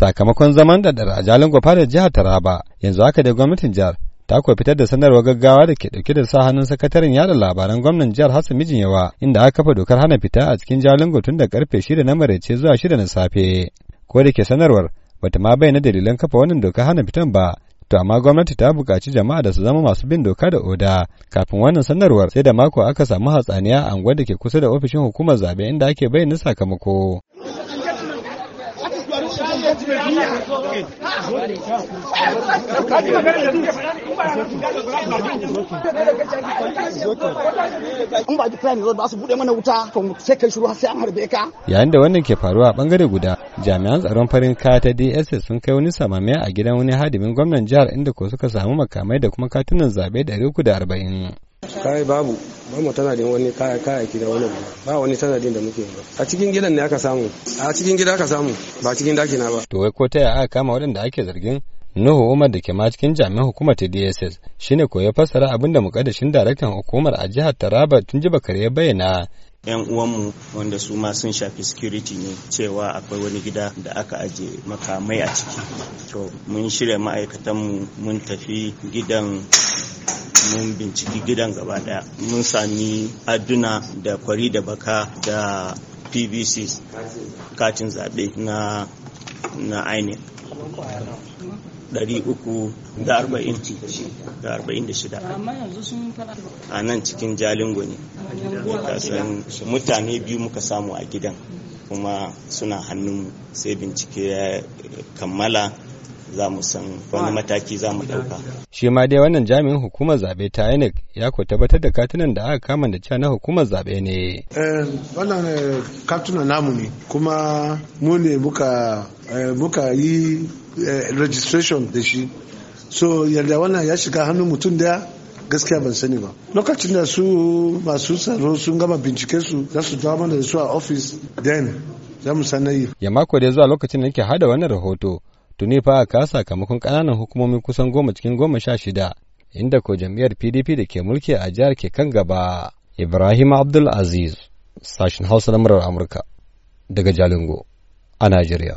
sakamakon zaman da a Jalingo da jihar Taraba yanzu haka da gwamnatin jihar ta kuwa fitar da sanarwar gaggawa da ke dauke da sa hannun sakataren yada labaran gwamnan jihar Hassan yawa inda aka kafa dokar hana fita a cikin Jalingo tun da karfe shida na maraice zuwa shida na safe ko da ke sanarwar bata ma bayyana dalilan kafa wannan doka hana fitan ba to amma gwamnati ta buƙaci jama'a da su zama masu bin doka da oda kafin wannan sanarwar sai da mako aka samu hatsaniya a unguwar da ke kusa da ofishin hukumar zabe inda ake bayyana sakamako in ba ji mana wuta to sai kai shiru sai an harbe ka yayin da wannan ke faruwa a bangare guda jami'an tsaron farin kaya ta DSS sun kai wani samamiya a gidan wani hadimin gwamnan jihar inda ko suka samu makamai da kuma katunan zabe 340 kai babu ba mu tana da wani kayayyaki da wani ba wani sanadin da muke ba a cikin gidan ne aka samu a cikin gida aka samu ba cikin daki ba to wai ko ta aka kama waɗanda ake zargin Nuhu Umar da ke ma cikin jami'an hukumar ta DSS shine ko ya fassara abin da mukaddashin daraktan hukumar a jihar Taraba tun ji bakare ya bayyana 'yan uwanmu wanda su ma sun shafi security ne cewa akwai wani gida da aka aje makamai a ciki to mun shirya ma'aikatanmu mun tafi gidan mun binciki gidan gaba daya mun sami aduna da kwari da baka da pvc katin zaɓe na na aini 346 a nan cikin jalingo ne mutane biyu muka samu a gidan kuma suna hannun sai bincike ya kammala za mu san wani mataki za mu ɗauka. Shi ma dai wannan jami'in hukumar zaɓe ta INEC ya ko tabbatar da katunan da aka kama da cewa na hukumar zaɓe ne. Eh, wannan eh, katunan namu ne kuma mu ne muka eh, yi registration da shi. So yadda wannan ya shiga hannun mutum daya gaskiya ban sani ba lokacin da su masu tsaro sun gama bincike su za su dawo mana da su a ofis den za mu sanayi ya mako da zuwa lokacin da nake hada wannan rahoto tuni fa ka sakamakon ƙananan hukumomin kusan goma cikin goma sha shida inda ko jam'iyyar pdp da ke mulki a jihar ke kan gaba ibrahim abdul aziz sashen hausa na murar amurka daga jalingo a najeriya